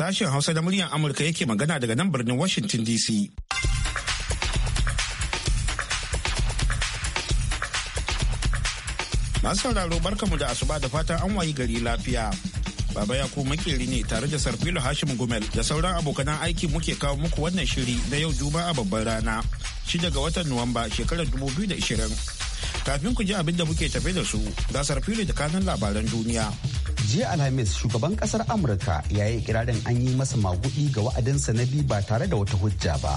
Sashen Hausa da muryar Amurka yake magana daga nan birnin Washington DC. Masu sauraro barkamu da asuba da fatan an wayi gari lafiya. Baba ya ku makeri ne tare da Sarfilo Hashim Gumel da sauran abokanan aiki muke kawo muku wannan shiri na yau Juma'a babban rana. Shi daga watan Nuwamba shekarar dubu biyu da 2020. Kafin ku ji abin da muke tafe da su, ga Sarfilo da kanan labaran duniya. jiya alhamis shugaban kasar amurka ya yi kirarin an yi masa magudi ga wa'adinsa na biyu ba tare da wata hujja ba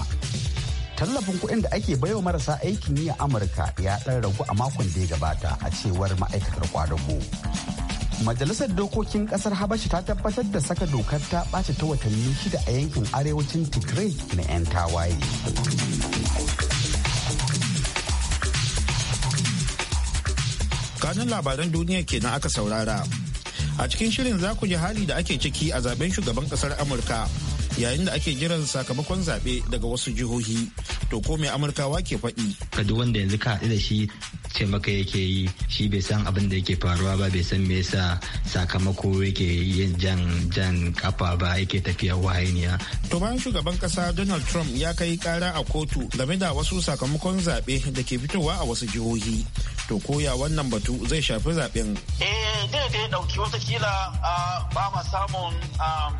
tallafin kuɗin da ake baiwa marasa aikin yi a amurka ya ɗan ragu a makon da ya gabata a cewar ma'aikatar kwadago majalisar dokokin kasar habashi ta tabbatar da saka dokar ta ɓace ta watanni shida a yankin arewacin tigray na 'yan tawaye kanun labaran duniya kenan aka saurara a cikin shirin za ku ji hali da ake ciki a zaben shugaban kasar amurka yayin da ake jiran sakamakon zaɓe daga wasu jihohi to ko mai amurkawa ke faɗi ka duk wanda yanzu ka haɗu da shi ce maka yake yi shi bai san abin da yake faruwa ba bai san me yasa sakamako yake yin jan jan kafa ba yake tafiya wahainiya to bayan shugaban kasa donald trump ya kai kara a kotu game da wasu sakamakon zaɓe da ke fitowa a wasu jihohi to koya wannan batu zai shafi zaɓen eh da dauki wata kila ah, ba ma samun ah,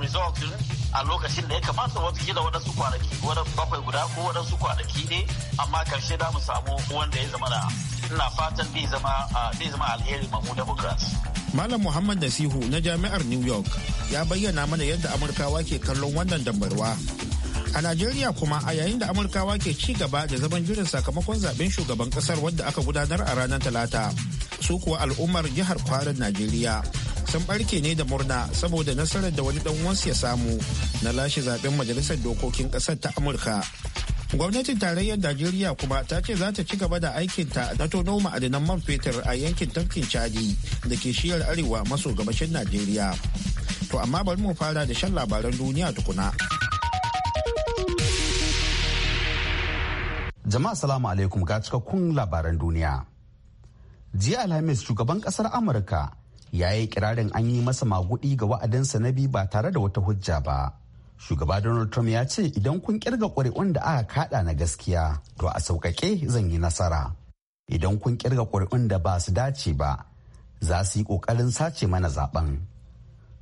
result din a lokacin da ya kamata watakila waɗansu kwanaki waɗansu bakwai guda ko waɗansu kwanaki ne amma karshe da mu samu wanda ya zama na ina fatan bai zama alheri mamu democrats Malam Muhammad Nasihu na Jami'ar New York ya bayyana mana yadda Amurkawa ke kallon wannan dambarwa. A Najeriya kuma a yayin da Amurkawa ke ci gaba da zaman jirin sakamakon zaben shugaban kasar wadda aka gudanar a ranar Talata, su kuwa al'ummar jihar kwarin Najeriya sun barke ne da murna saboda nasarar da wani dan uwansu ya samu na lashe zaben majalisar dokokin kasar ta amurka gwamnatin tarayyar najeriya kuma ta ce za ta ci gaba da aikinta na tono ma'adanan man fetur a yankin tafkin chadi da ke shiyar arewa maso gabashin najeriya to amma bari mu fara da shan labaran duniya tukuna jama'a salamu alaikum ga cikakkun labaran duniya jiya alhamis shugaban kasar amurka ya yi kirarin an yi masa magudi ga wa'adinsa na biyu ba tare da wata hujja ba. Shugaba Donald Trump ya ce idan kun kirga ƙuri'un da aka kaɗa na gaskiya, to a sauƙaƙe zan yi nasara. Idan kun kirga ƙuri'un da ba su dace ba, za su yi ƙoƙarin sace mana zaben.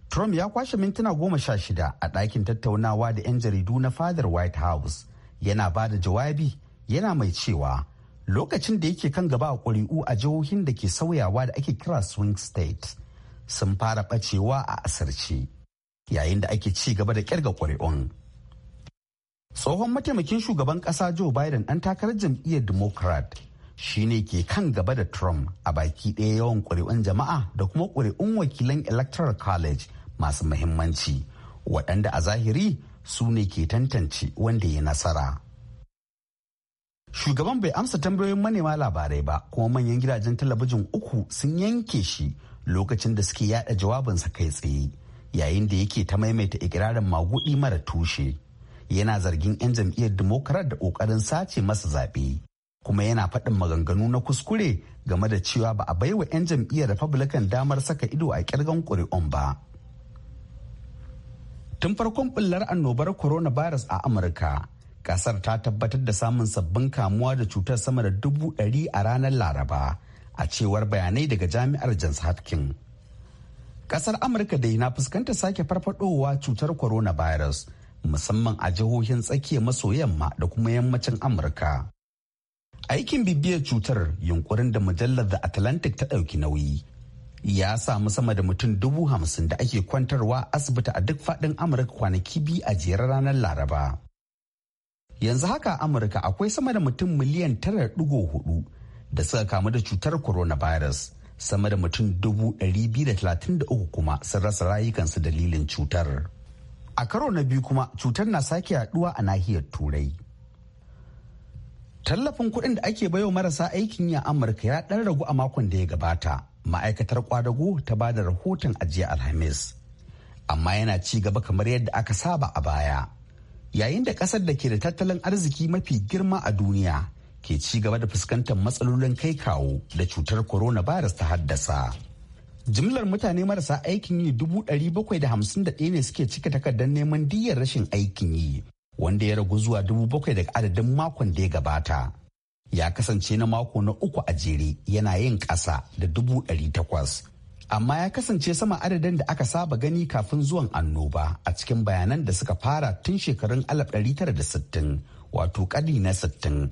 Trump ya kwashe mintuna goma sha shida a ɗakin tattaunawa da 'yan jaridu na fadar White House yana ba da jawabi yana mai cewa lokacin da yake kan gaba a ƙuri'u a jihohin da ke sauyawa da ake kira swing state sun fara ɓacewa a asirce yayin da ake ci gaba da kirga ƙuri'un. tsohon mataimakin shugaban ƙasa joe biden ɗan takarar jam'iyyar democrat shine ke kan gaba da trump a baki ɗaya yawan ƙuri'un jama'a da kuma ƙuri'un wakilan electoral college masu muhimmanci waɗanda a zahiri su ne ke tantance wanda ya nasara. shugaban bai amsa tambayoyin manema labarai ba kuma manyan gidajen talabijin uku sun yanke shi lokacin da suke yada jawabinsa kai tsaye yayin da yake ta maimaita ikirarin magudi mara tushe yana zargin 'yan jam'iyyar demokrat da kokarin sace masa zaɓe kuma yana faɗin maganganu na kuskure game da cewa ba a baiwa 'yan jam'iyyar republican damar saka ido a kirgan ƙuri'un ba tun farkon bullar annobar coronavirus a amurka kasar ta tabbatar da samun sabbin kamuwa da cutar sama da dubu ɗari a ranar laraba a cewar bayanai daga jami'ar johns hopkins kasar amurka dai na fuskanta sake farfadowa cutar coronavirus musamman a jihohin tsakiya maso yamma da kuma yammacin amurka aikin bibiyar cutar yunkurin da mujallar the atlantic ta ɗauki nauyi ya samu sama da mutum dubu hamsin da ake kwantarwa asibiti a duk faɗin amurka kwanaki biyu a jerar ranar laraba yanzu haka amurka akwai sama da mutum miliyan tara hudu da suka kamu da cutar coronavirus sama da mutum dubu ɗari biyu da talatin da uku kuma sun rasa rayukansu dalilin cutar a karo na biyu kuma cutar na sake yaduwa a nahiyar turai tallafin kuɗin da ake baiwa marasa aikin yi a amurka ya ɗan ragu a makon da ya gabata ma'aikatar kwadago ta ba da rahoton ajiya alhamis amma yana ci gaba kamar yadda aka saba a baya yayin da kasar da ke da tattalin arziki mafi girma a duniya ke ci gaba da fuskantar matsalolin kai kawo da cutar corona coronavirus ta haddasa. Jimlar mutane marasa aikin yi dubu ɗari bakwai da hamsin da ɗaya ne suke cika takardar neman diyyar rashin aikin yi, wanda ya ragu zuwa dubu bakwai daga adadin makon da ya gabata. Ya kasance na mako na uku a jere yana yin ƙasa da dubu ɗari takwas. amma ya kasance sama adadin da aka saba gani kafin zuwan annoba a cikin bayanan da suka fara tun shekarun 1960 wato kadi na 60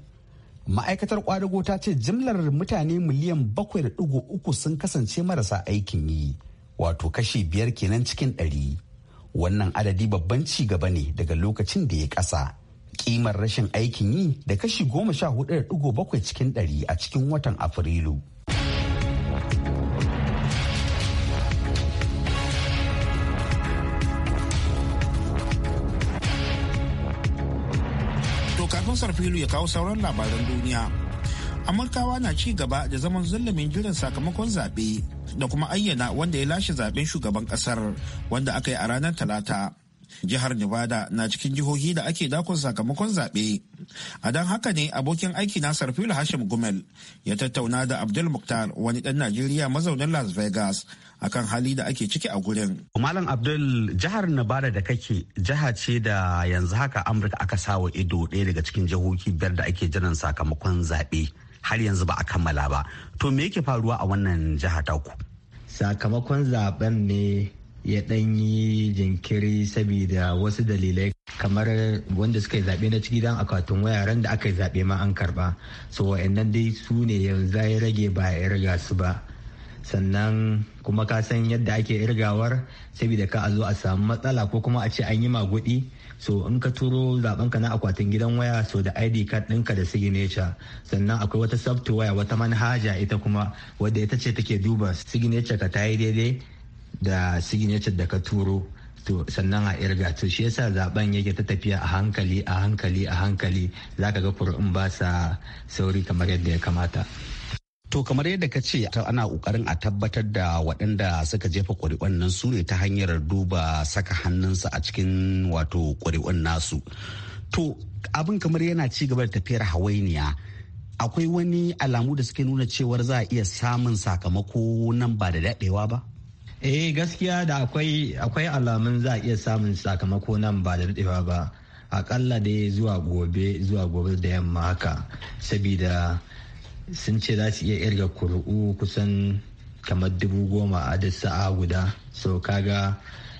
ma'aikatar kwadago ta ce jimlar mutane miliyan 7.3 sun kasance marasa aikin yi wato kashi biyar kenan cikin ɗari wannan adadi babban ci gaba ne daga lokacin da ya kasa. kimar rashin aikin yi da kashi 14.7 cikin ɗari a cikin watan afrilu kafin sarfilu ya kawo sauran labaran duniya amurkawa na ci gaba da zaman zulumin jiran sakamakon zaɓe da kuma ayyana wanda ya lashe zaɓen shugaban ƙasar wanda aka yi a ranar talata jihar nevada na cikin jihohi da ake dakon sakamakon zaɓe a don haka ne abokin aiki na sarfilu hashim gumel ya tattauna da abdul muktar wani ɗan najeriya mazaunin las vegas akan hali da ake ciki a gurin. Malam Abdul jihar Nabada da kake jiha ce da yanzu haka Amurka aka sawa ido ɗaya daga cikin jihohi biyar da ake jiran sakamakon zaɓe har yanzu ba a kammala ba. To me yake faruwa a wannan jiha taku? Sakamakon zaben ne ya ɗan yi jinkiri saboda wasu dalilai kamar wanda suka yi zaɓe na ciki don akwatin waya ran da aka yi zaɓe ma an karɓa so wa'annan dai su ne yanzu ya rage ba ya riga su ba sannan kuma ka san yadda ake irgawar saboda ka a zo a samu matsala ko kuma a ce an yi magudi so in ka turo zaben na akwatin gidan waya so da id card ɗinka da signature sannan akwai wata software wata manhaja ita kuma wadda ita ce take duba signature ka ta yi daidai da signature da ka turo to sannan a irga to shi yasa zaben yake ta tafiya a hankali a hankali a hankali zaka ga kuri'un ba sa sauri kamar yadda ya kamata To kamar yadda ka ce ana kokarin a tabbatar da waɗanda suka jefa ƙuri'un nan su ne ta hanyar duba saka hannunsa a cikin wato ƙuri'un nasu. To abin kamar yana ci gaba da tafiyar hawainiya akwai wani alamu da suke nuna cewar za a iya samun sakamako nan ba da daɗewa ba? Eh gaskiya da akwai alamun za a iya samun sakamako nan ba da daɗewa ba. Akalla dai zuwa gobe zuwa gobe da yamma haka sabida sun ce za su iya irga kuri'u kusan kamar dubu goma a duk sa'a guda so kaga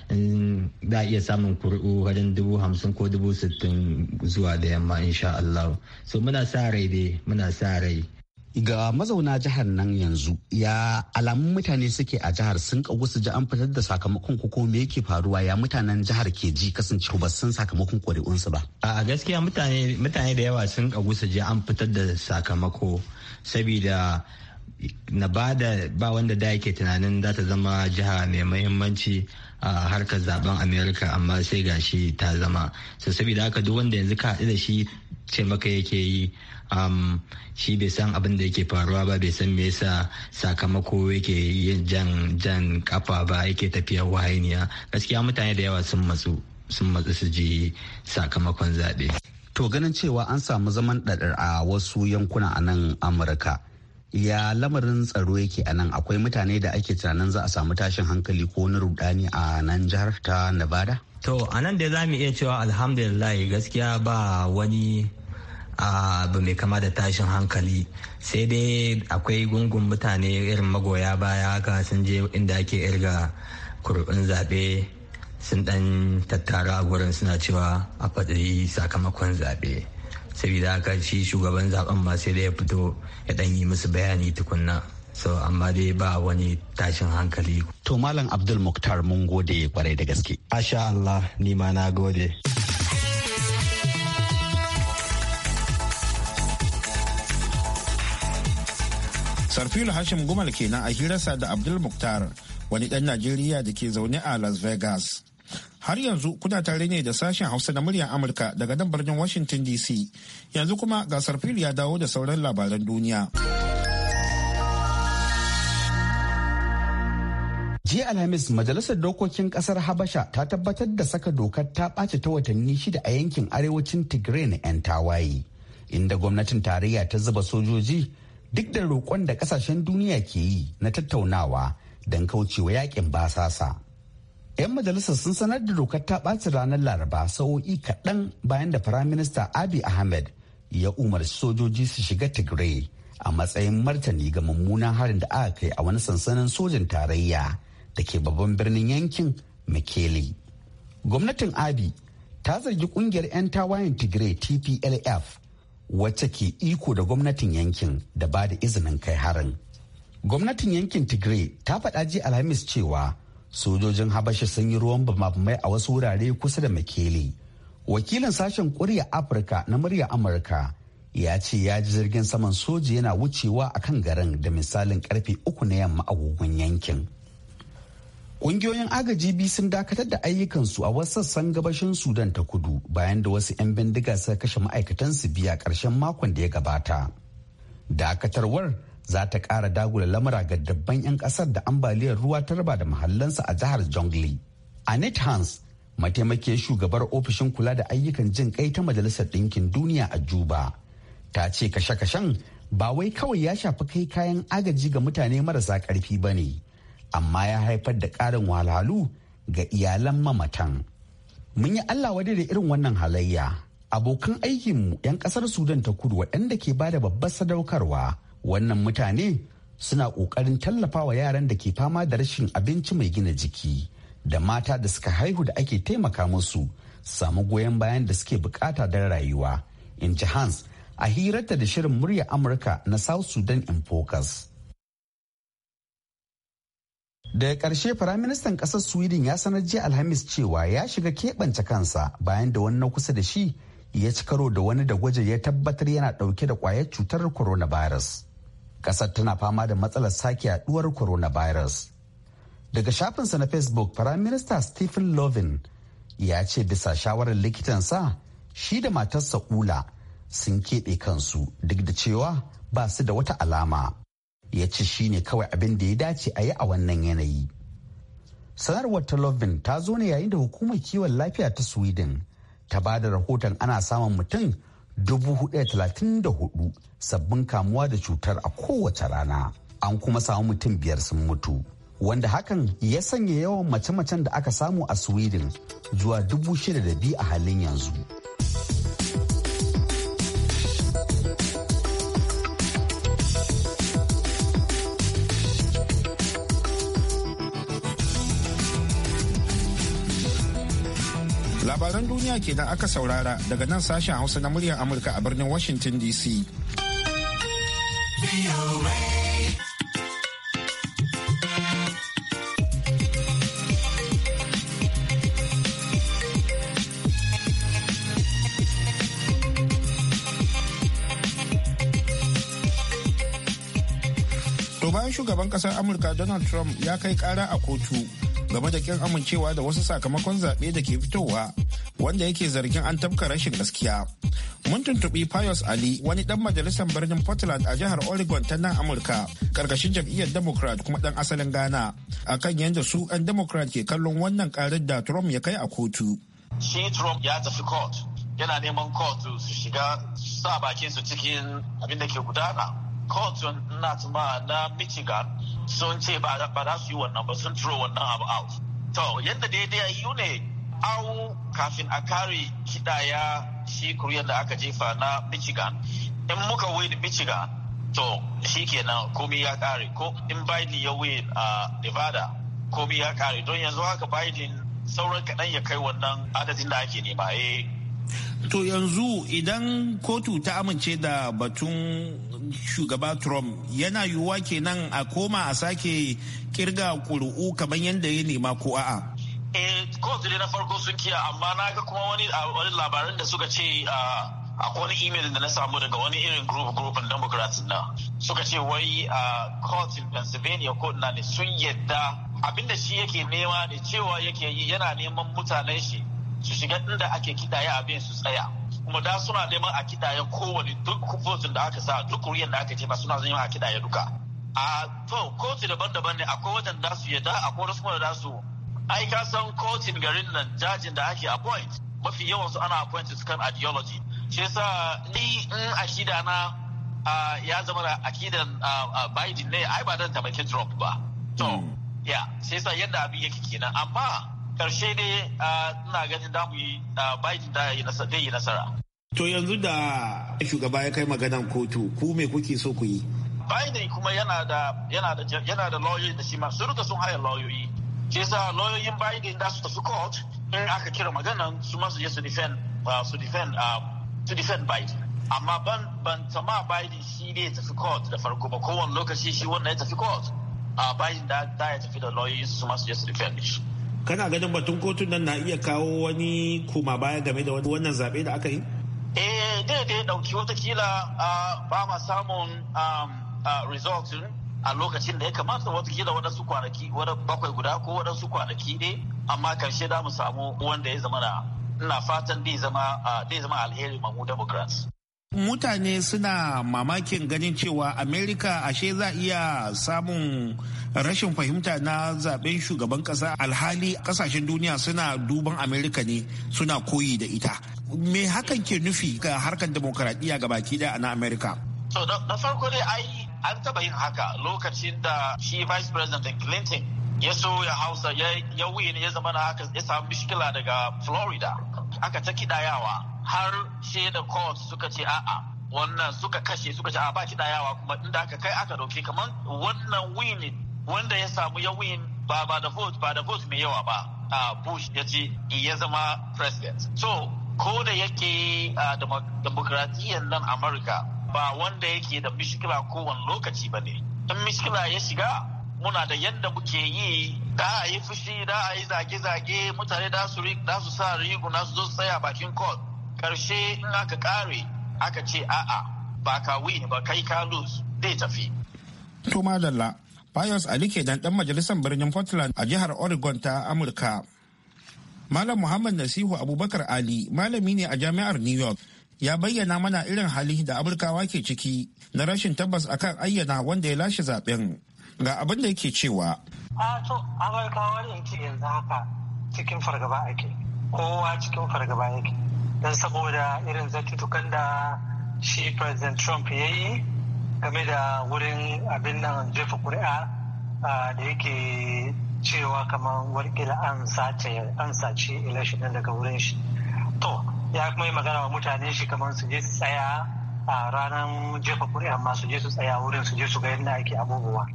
in za iya samun kuri'u wajen dubu hamsin ko dubu sittin zuwa da yamma insha Allah so muna sa rai dai muna sa rai ga mazauna jihar nan yanzu ya alamun mutane suke a jihar sun kagu su ji an fitar da sakamakon ko me yake faruwa ya mutanen jihar ke ji kasance ba san sakamakon kuri'unsu ba a gaskiya mutane da yawa sun kagu su ji an fitar da sakamako saboda na ba da ba wanda da yake tunanin za ta zama jiha mai mahimmanci a harkar zaben america amma sai gashi ta zama so saboda haka duk wanda yanzu ka haɗu da shi ce maka yake yi shi bai san abin da yake faruwa ba bai san me yasa sakamako yake yin jan jan kafa ba yake tafiya wahainiya gaskiya mutane da yawa sun matsu sun matsu su ji sakamakon zaɓe. To ganin cewa an samu zaman ɗaɗar a wasu yankuna a nan Amurka. Ya lamarin tsaro yake a nan akwai mutane da ake tunanin za a samu tashin hankali ko na rudani a nan jihar ta Nevada? To a nan da za mu iya cewa alhamdulillah gaskiya ba wani abu mai kama da tashin hankali sai dai akwai gungun mutane irin magoya baya haka sun je inda ake irga kurbin zaɓe sun dan tattara a gurin suna cewa a faɗi sakamakon zaɓe saboda haka shi shugaban zaben ma sai da ya fito ya dan yi musu bayani tukunna so amma dai ba wani tashin hankali to malam abdul muktar mun gode kwarai da gaske asha allah ni ma na gode sarfilu hashim gumal kenan a hirarsa da abdul muktar wani dan najeriya da ke zaune a las vegas Har yanzu kuna tare ne da sashen Hausa na muryar Amurka daga nan birnin Washington DC. Yanzu kuma gasar fili ya dawo da sauran labaran duniya. jiya alhamis majalisar dokokin kasar habasha ta tabbatar da saka dokar ta ɓace ta watanni shida a yankin arewacin tigray na 'yan tawaye inda gwamnatin tarayya ta zuba sojoji duk da roƙon da ƙasashen duniya ke yi na tattaunawa don kaucewa yakin basasa 'yan majalisa sun sanar da dokar ta ɓaci ranar laraba sa'o'i kaɗan bayan da firaminista abi ahmed ya umarci sojoji su shiga tigray a matsayin martani ga mummunan harin da aka kai a wani sansanin sojin tarayya da ke babban birnin yankin mekele gwamnatin abi ta zargi kungiyar 'yan tawayen tigray tplf wacce ke iko da gwamnatin yankin da ba da izinin kai harin gwamnatin yankin tigray ta faɗa ji alhamis cewa sojojin habasha sun yi ruwan bamabamai a wasu wurare kusa da makele wakilin sashen kurya afirka na murya amurka ya ce ya ji jirgin saman soji yana wucewa a kan garin da misalin karfe uku na yamma agogon yankin Ƙungiyoyin agaji biyu sun dakatar da ayyukansu a wasu sassan gabashin Sudan ta kudu bayan da wasu 'yan bindiga suka kashe ma'aikatansu biya ƙarshen makon da ya gabata. Dakatarwar za ta kara dagula lamura ga dabban 'yan kasar da ambaliyar ruwa ta raba da mahallansa a jihar Jongli. Annette Hans, mataimakiyar shugabar ofishin kula da ayyukan jin kai ta Majalisar Ɗinkin Duniya a Juba, ta ce kashe-kashen ba wai kawai ya shafi kai kayan agaji ga mutane marasa karfi ba ne, amma ya haifar da ƙarin wahalhalu ga iyalan mamatan. Mun yi Allah wadai da irin wannan halayya. Abokan aikinmu 'yan kasar Sudan ta kudu waɗanda ke ba da babbar sadaukarwa wannan mutane suna ƙoƙarin tallafawa yaran da ke fama da rashin abinci mai gina jiki da mata da suka haihu da ake taimaka musu samu goyon bayan da suke bukata don rayuwa in ji hans a hirarta da shirin murya amurka na south sudan in focus daga ƙarshe firaministan ƙasar sweden ya sanar jiya alhamis cewa ya shiga keɓance kansa bayan da wani na kusa da shi ya ci karo da wani da gwaje ya tabbatar yana ɗauke da kwayar cutar coronavirus. kasar tana fama da matsalar sake yaduwar coronavirus daga shafinsa na facebook prime minister stephen lovin ya ce bisa shawarar likitansa shi da matarsa ula sun keɓe kansu duk da cewa ba su da wata alama ya ce shi ne kawai abin da ya dace a yi a wannan yanayi sanarwar ta lovin ta zo ne yayin da hukumar kiwon lafiya ta sweden ta ba da rahoton ana samun mutum huɗu sabbin kamuwa da cutar a kowace rana an kuma samu mutum biyar sun mutu wanda hakan ya sanya yawan mace-macen da aka samu a sweden zuwa biyu a halin yanzu. labaran duniya kenan aka saurara daga nan sashen hausa na muryar amurka a birnin washington dc bayan shugaban kasar amurka donald trump ya kai kara a kotu game da kin amincewa da wasu sakamakon zaɓe da ke fitowa wanda yake zargin an tafka rashin gaskiya mun tuntuɓi pius ali wani ɗan majalisar birnin portland a jihar oregon ta nan amurka karkashin jam'iyyar democrat kuma ɗan asalin ghana akan yadda su ɗan democrat ke kallon wannan karar da trump ya kai a kotu shi trump ya tafi court yana neman court su shiga sa bakin su cikin abin da ke gudana court na tuma na michigan sun ce ba za su yi wannan ba sun throw wannan abu out to yadda daidai yi ne au kafin a kare kidaya shi kuryar da aka jefa na michigan in muka wani michigan to shi kenan komi ya kare ko in biden ya wuyi a nevada komi ya kare don yanzu haka biden sauran kaɗan ya kai wannan adadin da ake nema eh. To yanzu idan kotu ta amince da batun shugaba Trump yana yiwuwa kenan a koma a sake kirga kuri'u kamar yadda ya nema ko a'a. eh dai na farko sun kiya amma na ga kuma wani labaran da suka ce akwai wani email da na samu daga wani irin group group na democrats na suka ce wai a court in pennsylvania court na ne sun yadda abinda shi yake nema ne cewa yake yi yana neman mutanen shi su shiga inda ake kidaya abin su tsaya kuma da suna neman a kidaya kowane duk votin da aka sa duk kuriyar da aka ba suna neman a kidaya duka a to kotu daban-daban ne akwai wajen da su yadda akwai wasu da su ai ka san kotun garin nan jajin da ake appoint mafi yawan su ana appoint su kan ideology shi yasa ni in akida na ya zama da akidan Biden ne ai ba dan tabbaki Trump ba to hmm. ya shi yasa yadda abin yake kenan amma karshe ne ina ganin da mu yi Biden da yi nasara to yanzu da shugaba ya kai maganan kotu ku me kuke so ku yi Biden kuma yana da yana da yana da lawyer da shi ma sun sun haya lawyoyi shi yasa lauyoyin Biden da su tafi court in aka kira maganan su ma je su defend uh, su defend um, to defend Biden amma ban ban tama Biden shi ne ya tafi court da farko ba kowane lokaci shi wannan ya tafi court a uh, Biden da da ya tafi da lauyoyin su ma je su defend shi kana ganin batun kotun nan na iya kawo wani koma baya game da wannan zabe da aka yi eh daidai dauki watakila uh, ba ma samun um, results hmm? a lokacin da ya kamata watakila waɗansu kwanaki bakwai guda ko waɗansu kwanaki ne amma karshe da mu samu wanda ya zama na ina fatan zai zama zama alheri mamu democrats mutane suna mamakin ganin cewa america ashe za iya samun rashin fahimta na zaben shugaban kasa alhali kasashen duniya suna duban america ne suna koyi da ita me hakan ke nufi ga harkar demokaradiyya ga baki daya na america so na farko dai ai an taba yin haka lokacin da shi vice president clinton ya so ya hausa ya win ya zama na haka ya samu mishkila daga florida aka ta kidayawa har she da court suka ce a'a wannan suka kashe suka ce a ba kidayawa kuma inda aka kai aka dauke kamar wannan win wanda ya samu ya win ba ba da vote ba da vote mai yawa ba a bush ya ce ya zama president so ko da yake a demokratiyyar nan amurka ba wanda yake da mishkila kowane lokaci ba ne in mishkila ya shiga muna da yadda muke yi da a yi fushi da a yi zage-zage mutane da su sa na su zo su tsaya bakin court karshe in aka kare aka ce a'a ba ka win ba kai ka lose zai tafi. to madalla Pius Ali ke dan majalisar birnin Portland a jihar Oregon ta Amurka. Malam Muhammad Nasihu Abubakar Ali malami ne a jami'ar New York ya bayyana mana irin hali da amurkawa ke ciki na rashin tabbas akan ayyana wanda ya lashe zaben ga abin da yake cewa a to amurkawa ne ce yanzu haka cikin fargaba ake kowa cikin fargaba yake don saboda irin zartutukan da shi president trump ya yi game da wurin abin nan jefa kuri'a da yake cewa kamar warkila an sace election daga wurin shi to ya kuma yi magana wa mutane shi kamar su je su tsaya a ranar jefa kuri'a amma su je su tsaya wurin su je su ga yadda ake abubuwa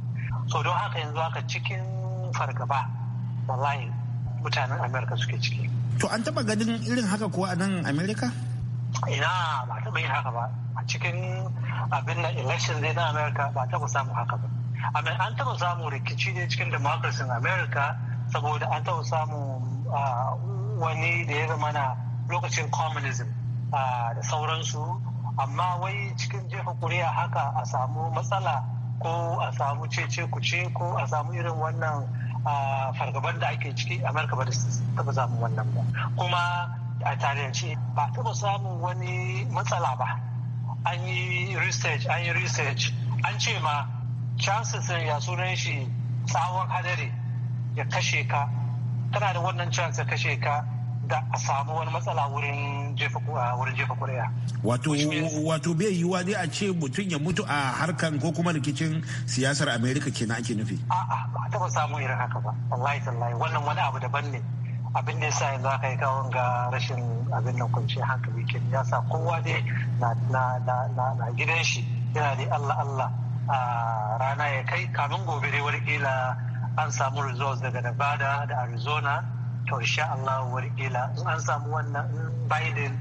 so don haka yanzu haka cikin fargaba wallahi mutanen amerika suke ciki to an taba ganin irin haka kuwa a nan amerika ina ba taba yin haka ba a cikin abin na election zai na amerika ba taba samu haka ba amma an taba samu rikici ne cikin democracy amerika saboda an taba samu ah, wani da ya zama na lokacin communism ah, da sauransu amma wai cikin jefa kuri'a haka a samu matsala ko a samu cece kuce ko a samu irin wannan ah, fargaban da ake ciki amurka ba da taba samun wannan ba kuma a tarihance ba taba samun wani matsala ba an yi research an yi research an ce ma chances ya sunan shi tsawon hadari ya kashe ka Tana da wannan chance ya kashe ka da a samu wani matsala wurin jefa wurin jefa kuri'a wato wato bai yiwuwa dai a ce mutum ya mutu a harkan ko kuma rikicin siyasar Amerika kenan ake nufi a'a ba taba samu irin haka ba wallahi tallahi wannan wani abu daban ne abin da yasa yanzu aka yi kawon ga rashin abin nan hankali ke ya sa kowa dai na gidan shi yana da Allah Allah a rana ya kai kamin gobe dai wani kila an samu results daga Nevada da Arizona to insha Allah warƙila in an samu wannan Biden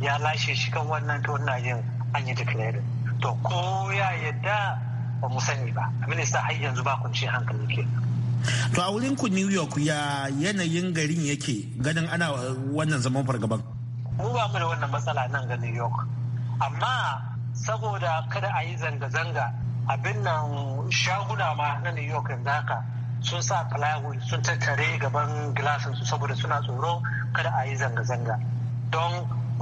ya lashe shi kan wannan to ina yin an yi declaring to ko ya yadda ba mu sani ba minista har yanzu ba ci hankali ke to a wurin ku New York ya yanayin garin yake ganin ana wannan zaman fargaban mu ba mu da wannan matsala nan ga New York amma saboda kada a yi zanga-zanga abin nan shaguna ma na New York yanzu haka sun sa plywood sun tattare gaban gilasin su saboda suna tsoro kada a yi zanga-zanga don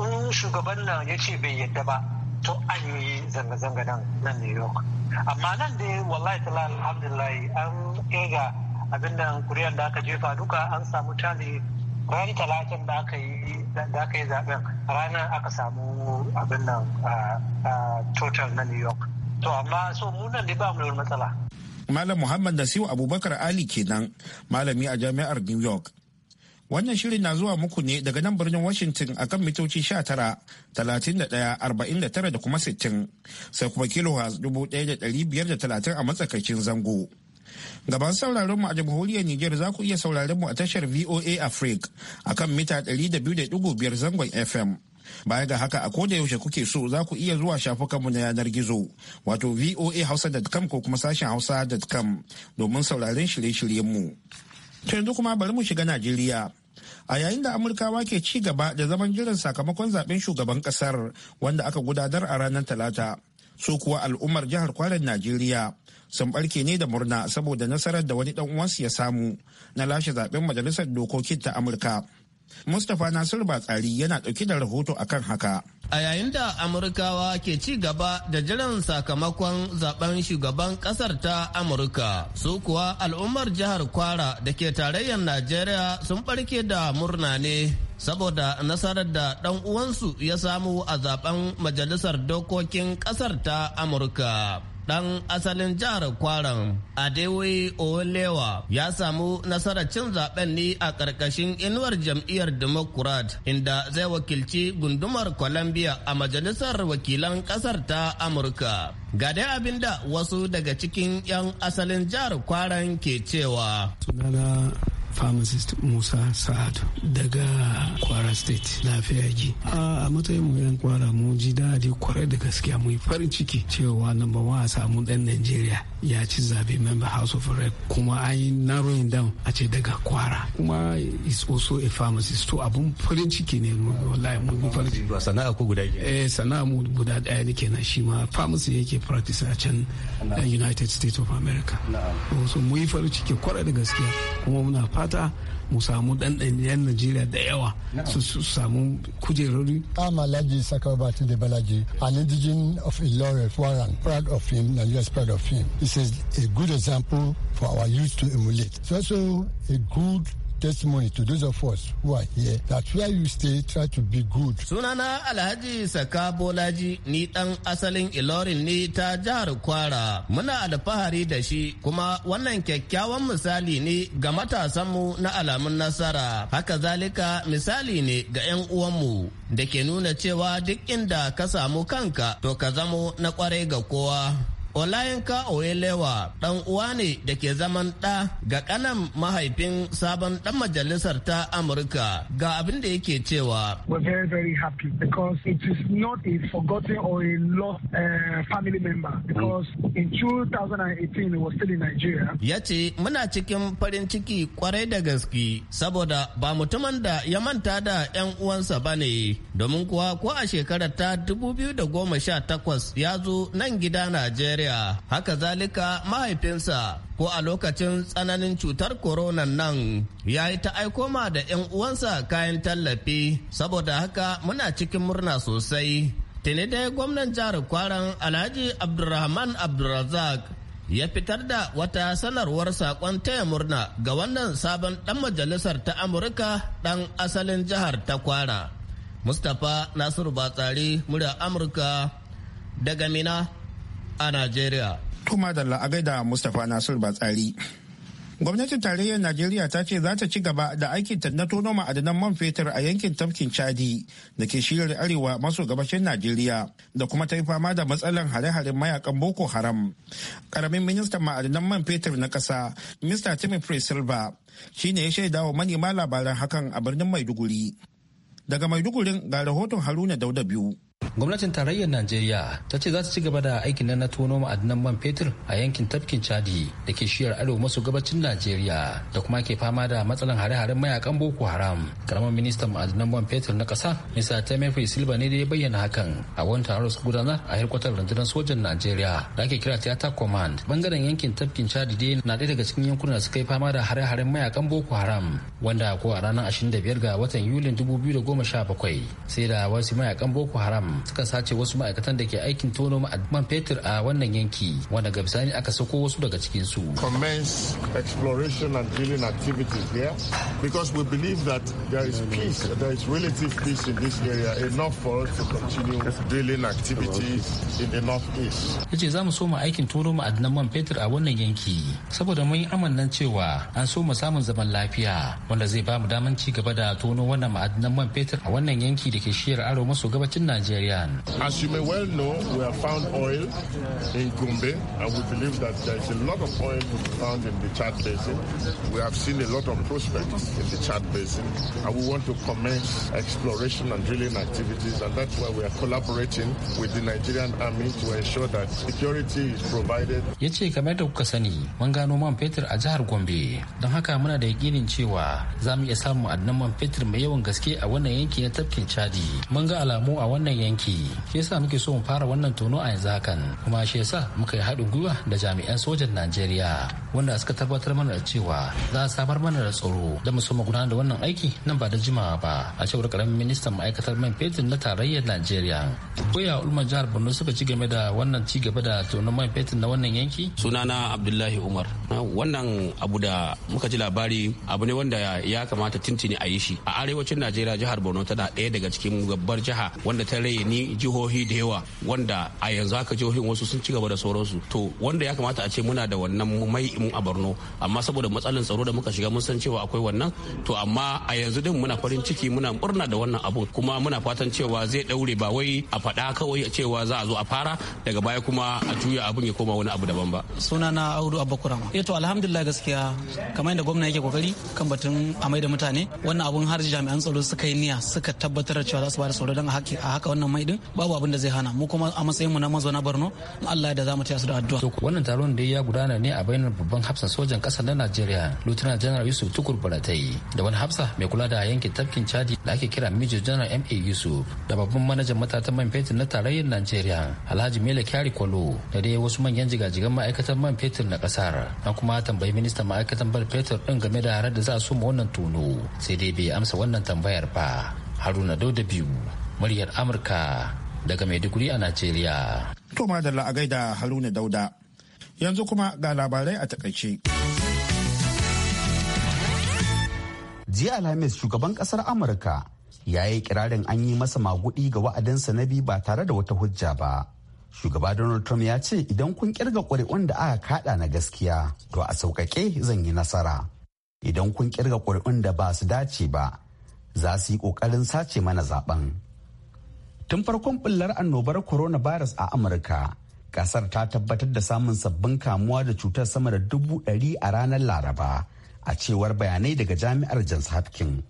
in shugaban nan ya ce bai yadda ba to an yi zanga-zanga nan nan new york amma nan dai wallahi tala alhamdulillah an kega abin nan kuriyar da aka jefa duka an samu tali ran talatin da aka yi da aka yi zaben ranar aka samu abin nan a ah, ah, total na new york to amma so mu nan dai ba mu da matsala Malam Muhammad Nasiru Abubakar Ali kenan malami a jami'ar New York. Wannan shirin na zuwa muku ne daga nan birnin Washington akan mitoci 19, da kuma 60 sai kuma kilo 1530 a matsakaicin zango. Gaban sauraron mu a jamhuriyar Nijar za ku iya sauraron mu a tashar VOA Africa kan mita 200.5 zangon FM. Baya ga haka a koda yaushe kuke so za ku iya zuwa shafukanmu na yanar gizo wato voahausa.com ko kuma sashen hausa.com domin sauraren shirye-shiryenmu. To yanzu kuma bari mu shiga Najeriya. a yayin da amurkawa ke ci gaba da zaman jiran sakamakon zaben shugaban kasar wanda aka gudanar a ranar talata su kuwa al'ummar jihar kwarin najeriya sun barke ne da murna saboda nasarar da wani dan uwansu ya samu na lashe zaben majalisar dokokin ta amurka Mustapha Nasiru Batsari yana ɗauke da rahoto akan haka. A yayin da Amurkawa ke ci gaba da jiran sakamakon zaben shugaban ƙasar ta Amurka, su kuwa al'ummar jihar Kwara da ke tarayyar Najeriya sun ɓarke da murna ne saboda nasarar da ɗan uwansu ya samu a zaben majalisar dokokin ƙasar ta Amurka. dan asalin jihar Kwaran Adewoyi Olewa ya samu nasarar cin zaben ne a karkashin inuwar jam'iyyar Democrat inda zai wakilci gundumar Columbia a majalisar wakilan kasar ta Amurka. Ga dai abin da wasu daga cikin 'yan asalin jihar Kwaran ke cewa. pharmacist musa sa'adu daga kwara state lafiya ji a matsayin mu yan kwara mu ji daɗi kwarai da gaskiya mu farin ciki cewa number one a samu ɗan najeriya ya ci zabe member house of rep kuma an yi narrowing down a ce daga kwara kuma is also a pharmacist to abun farin ciki ne wallahi mu farin ciki sana'a ko guda eh sana'a mu guda ɗaya ne kenan shi ma pharmacy yake practice a can United States of America. So mu yi farin ciki kwarai da gaskiya kuma muna fata mu samu ɗanɗan najeriya da yawa su samu kujerori i'm alhaji sakabati de balaji an indigen of ilore foreign proud of him nigeria's proud of him this is a good example for our youth to emulate it's also a good testimony to those of us who are here that where you stay, try to be good. Sunana Alhaji Saka Bolaji ni dan asalin Ilorin ne ta jihar Kwara. Muna alfahari da shi kuma wannan kyakkyawan misali ne ga matasanmu na alamun nasara. Haka zalika misali ne ga 'yan uwanmu da ke nuna cewa duk inda ka samu kanka to ka zamo na kwarai ga kowa. Olayinka Oyelewa ɗan uwa ne da ke zaman ɗa ga ƙanan mahaifin sabon ɗan majalisar ta Amurka ga abin da yake cewa. We're very very not a forgotten or uh, member in 2018 was still in Ya ce muna cikin farin ciki kwarai da gaske saboda ba mutumin da ya manta da 'yan uwansa ba ne domin kuwa ko a shekarar ta 2018 ya zo nan gida Najeriya. Najeriya, haka zalika mahaifinsa ko a lokacin tsananin cutar korona nan ya yi ta aiko ma da 'yan uwansa kayan tallafi, saboda haka muna cikin murna sosai. Tuni dai gwamnan jihar Kwaran Alhaji Abdulrahman Abdulrazak ya fitar da wata sanarwar saƙon taya murna ga wannan sabon ɗan majalisar ta Amurka ɗan asalin jihar ta Kwara. Mustapha Nasiru Batsari, murya Amurka daga Mina. a Najeriya. Kuma da la'agaida Mustapha Nasir Batsari. Gwamnatin tarayyar Najeriya ta ce za ta ci gaba da aikin na tono ma'adanan man fetur a yankin tafkin Chadi da ke shirin arewa maso gabashin Najeriya da kuma ta yi fama da matsalar hare-haren mayakan Boko Haram. Karamin ministan ma'adanan man fetur na ƙasa, Mr. Timothy Silva, shi ne ya shaida wa manema labaran hakan a birnin Maiduguri. Daga Maidugurin ga rahoton Haruna Dauda biyu. gwamnatin tarayyar najeriya ta ce za ta ci gaba da aikin na tono ma'adinan man fetur a yankin tafkin chadi da ke shiyar arewa maso gabacin najeriya da kuma ke fama da matsalan hare-haren mayakan boko haram karamin ministan ma'adinan man fetur na ƙasa mr temefi silva ne da ya bayyana hakan a wani taron su gudanar a hirkwatar rundunar sojan najeriya da ake kira ta command bangaren yankin tafkin chadi dai na ɗaya daga cikin yankunan da suka yi fama da hare-haren mayakan boko haram wanda ko a ranar 25 ga watan yulin 2017 sai da wasu mayakan boko haram suka sace wasu ma'aikatan da ke aikin tono man fetur a wannan yanki wanda ga bisani aka sako wasu daga cikin su commence exploration and drilling activities there because we believe that there is peace there is relative peace in this area enough for us to continue drilling activities in the northeast yace za mu so aikin tono ma'adinan man fetur a wannan yanki saboda mun yi amannan cewa an so mu samun zaman lafiya wanda zai ba mu daman ci gaba da tono wannan man fetur a wannan yanki da ke shiyar aro maso gabacin Najeriya Nigerian. As you may well know, we have found oil in Gombe, and we believe that there is a lot of oil to be found in the Chad Basin. We have seen a lot of prospects in the Chad Basin, and we want to commence exploration and drilling activities, and that's why we are collaborating with the Nigerian Army to ensure that security is provided. yace kamar da kuka sani, mun gano man fetur a jihar Gombe, don haka muna da yakinin cewa za mu iya samun adnan man fetur mai yawan gaske a wannan yanki na tafkin Chadi. Mun ga alamu a wannan yanki yanki shi yasa muke so mu fara wannan tono a yanzu hakan kuma shi yasa muka yi haɗin gwiwa da jami'an sojan najeriya wanda suka tabbatar mana da cewa za a samar mana da tsaro da mu so mu gudanar da wannan aiki nan ba da jimawa ba a cewar karamin ministan ma'aikatar man fetur na tarayyar najeriya koya ulmar jihar borno suka ci game da wannan ci gaba da tonon man fetur na wannan yanki sunana abdullahi umar wannan abu da muka ji labari abu ne wanda ya kamata tintini a yi shi a arewacin najeriya jihar borno tana ɗaya daga cikin babbar jiha wanda ta rai ni jihohi da yawa wanda a yanzu haka jihohin wasu sun ci gaba da sauransu to wanda ya kamata a ce muna da wannan mai mun a Borno amma saboda matsalan tsaro da muka shiga mun san cewa akwai wannan to amma a yanzu din muna farin ciki muna murna da wannan abu kuma muna fatan cewa zai daure ba wai a faɗa kawai cewa za a zo a fara daga baya kuma a juya abun ya koma wani abu daban ba sunana Audu Abakurama eh to alhamdulillah gaskiya kamar yadda gwamna yake kokari kan batun amai da mutane wannan abun har jami'an tsaro suka yi niyya suka tabbatar da cewa za su ba da tsaro don a haka wannan mai babu abin da zai hana mu kuma a matsayin mu na mazauna Borno Allah ya da zamu taya su da addu'a wannan taron da ya gudana ne a bainar babban hafsa sojan kasa na Najeriya Lieutenant General Yusuf Tukur baratai da wani hafsa mai kula da yankin tafkin Chadi da ake kira Major General MA Yusuf da babban manajan matatan man fetur na tarayyar Najeriya Alhaji Mele Kyari Kwalo da dai wasu manyan jigajigan ma'aikatan man fetur na kasar an kuma tambayi ministan ma'aikatan man fetur din game da harar da za su mu wannan tono sai dai bai amsa wannan tambayar ba Haruna Dauda biyu muryar Amurka daga Maiduguri a Najeriya. To madalla a gaida Haruna Dauda. Yanzu kuma ga labarai a takaice. Jiya Alhamis shugaban kasar Amurka ya yi kirarin an yi masa magudi ga wa'adinsa na biyu ba tare da wata hujja ba. Shugaba Donald Trump ya ce idan kun kirga ƙuri'un da aka kaɗa na gaskiya to a sauƙaƙe zan yi nasara. Idan kun kirga ƙuri'un da ba su dace ba za su yi ƙoƙarin sace mana zaben. tun farkon bullar annobar coronavirus a amurka kasar ta tabbatar da samun sabbin kamuwa da cutar sama da dubu ɗari a ranar laraba a cewar bayanai daga jami'ar johns hopkins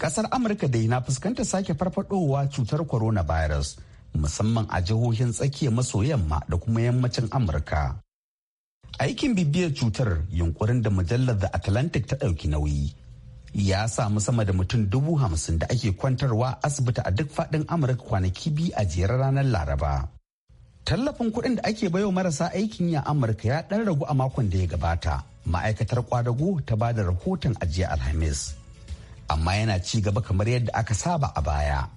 kasar amurka dai na fuskantar sake farfadowa cutar coronavirus musamman a jihohin tsakiya maso yamma da kuma yammacin amurka aikin bibiyar cutar yunkurin da mujallar the atlantic ta ɗauki nauyi ya samu sama da mutum dubu hamsin da ake kwantarwa asibiti a duk faɗin amurka kwanaki biyu a ranar laraba tallafin kuɗin da ake baiwa marasa aikin ya amurka ya ɗan ragu a makon da ya gabata ma'aikatar kwadago ta ba da rahoton ajiya alhamis amma yana ci gaba kamar yadda aka saba a baya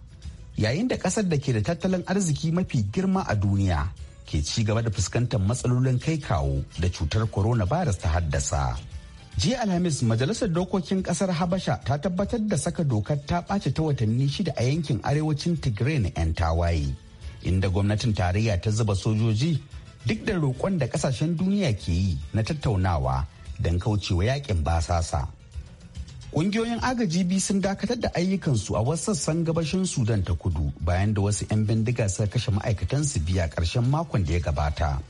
yayin da ƙasar da ke da tattalin arziki mafi girma a duniya ke ci gaba da fuskantar matsalolin kai kawo da cutar corona coronavirus ta haddasa. jiya alhamis majalisar dokokin kasar habasha ta tabbatar da saka dokar ta ɓace ta watanni shida a yankin arewacin tigray na 'yan tawaye inda gwamnatin tarayya ta zuba sojoji duk da roƙon da ƙasashen duniya ke yi na tattaunawa don kaucewa yakin basasa ƙungiyoyin agaji biyu sun dakatar da ayyukansu a wasu sassan gabashin sudan ta kudu bayan da wasu 'yan bindiga suka kashe ma'aikatansu biya ƙarshen makon da ya gabata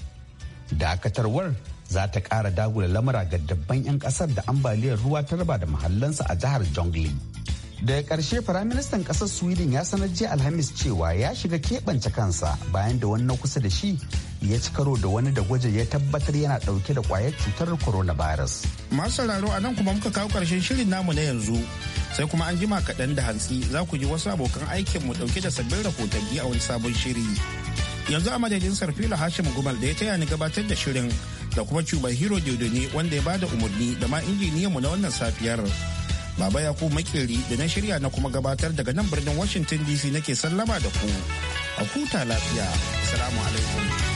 dakatarwar za ta kara dagula lamura ga dabban 'yan kasar da ambaliyar ruwa ta raba da mahallansa a jihar jongli Daga ƙarshe Firaministan ƙasar Sweden ya sanar jiya Alhamis cewa ya shiga keɓance kansa bayan da wani na kusa da shi ya ci karo da wani da gwajin ya tabbatar yana ɗauke da kwayar cutar coronavirus. Masu sauraro a nan kuma muka kawo karshen shirin namu na yanzu. Sai kuma an jima kaɗan da hantsi za ku ji wasu abokan aikin mu ɗauke da sabbin rahotanni a wani sabon shiri. Yanzu a madadin Sarfila Hashim Gumal da ya taya ni gabatar da shirin da kuma cuba hero ne wanda ya ba da umarni da ma injiniyan mu na wannan safiyar baba ya ku makeri da na shirya na kuma gabatar daga nan birnin washington dc nake sallama da ku a huta lafiya salamu alaikum